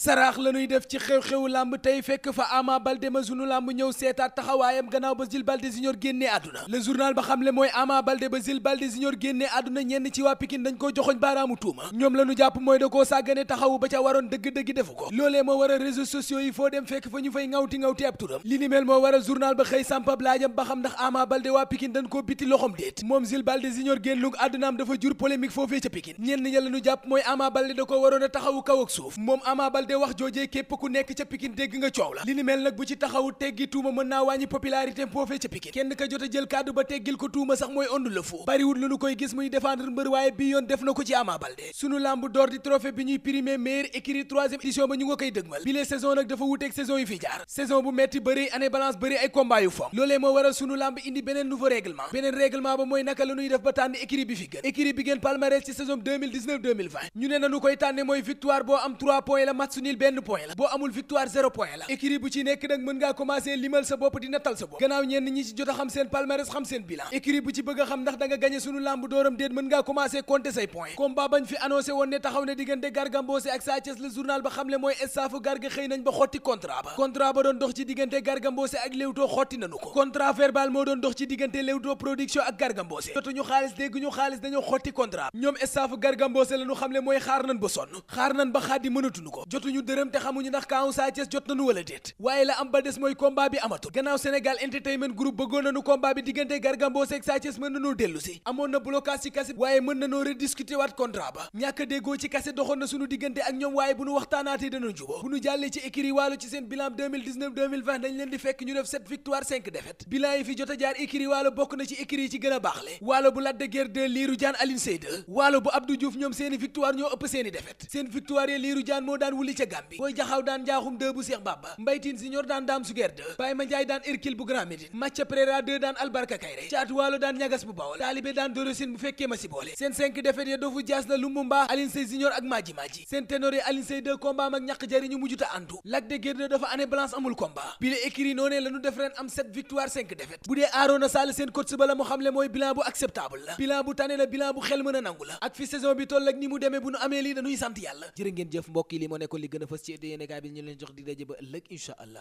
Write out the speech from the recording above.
saraax la ñuy def ci xew-xewu làmb tey fekk fa Ama Baldé ma sunu làmb ñëw seetaat taxawaayam gannaaw ba Jules Baldé Junior génnee àdduna le journal ba xamle mooy Ama Baldé ba Jules Baldé ñenn ci waa Pikine dañ koo joxoñ baaraamu tuuma ñoom la jàpp mooy da koo sàggane taxawu ba ca waroon dëgg-dëgg defu ko loolee moo war a réseaux sociaux yi foo dem fekk fa ñu fay ŋawti ŋawti ab turam li moo war a journal ba xëy sampab laajam ba xam ndax Ama Baldé waa Pikine dañ koo biti loxom déet moom Jules Baldé a de wax joojee képp ku nekk ca Pikine dégg nga coow la li ni mel nag bu ci taxawu teggi tuuma mën naa wàññi popularité foofee ca Pikine kenn ka jot a jël kàddu ba teggil ko tuuma sax mooy ondu la foo bariwul lu nu koy gis muy défendre mbër waaye bi yoon def na ko ci Ama Baldé sunu lamb d'or di trophée bi ñuy primé meilleur écurie troisième édition ba ñu nga koy dëgmal bile saison nag dafa wuteeg saison yi fi jaar saison bu metti bëri année balance bëri ne nañu koy tànne mooy victoire boo am 3 points match nul benn point la boo amul victoire zéro point la équipe bu ci nekk nag mën ngaa commencé limal sa bopp dina tal sa bopp gannaaw ñenn ñi ci diggante Garga Mbossé ak Sa xotti contrat ba contrat ba doon dox ci diggante Garga Mbossé ak Leewtoo xotti nañu ko contrat verbal moo doon dox ci diggante Leewtoo production ak Garga Mbossé jotuñu xaalis dégguñu xaalis dañoo xotti contrat ñoom staffu Garga Mbossé la ñu xamle mooy xaar nañ amatuñu dërëm te xamuñu ndax kaawu Sa Thiès jot nañu wala déet waaye la am ba des mooy combat bi amatul gannaaw Sénégal Entertainment Group bëggoon nañu combat bi diggante Garga ak Sa mën nañoo dellu si amoon na blocage ci kase waaye mën nañoo rediscuter waat contrat ba ñàkk déggoo ci kase doxoon na suñu diggante ak ñoom waaye bu ñu waxtaanaatee danañ juboo bu ñu jàllee ci écurie Waalo ci seen bilan 2019 leen di fekk ñu def 7 victoire 5 ca Gàmbi booy jaxaw daan njaaxum 2 bu Cheikh Bamba mbaytin Junior daan daam suger 2 Baye ma Njaay daan Hercule bu Grand Médine Macha Préra daan Albarka Kayre Caatu Waalo daan ñagas bu Bawol Taalibé daan Dorosine bu fekkee ma si boole seen 5 défaites ya dofu jaas la Lumumba Aline Sey Junior ak Maji Maji seen ténor yi Aline Sey 2 combat ak ñàkk jariñu mujjuta antu Lac de Guiers dafa année blanche amul combat bile écrit noonee la def ren li gën a fas ci yéene kaay bi ñu leen jox di daje ba ëllëg incha allah.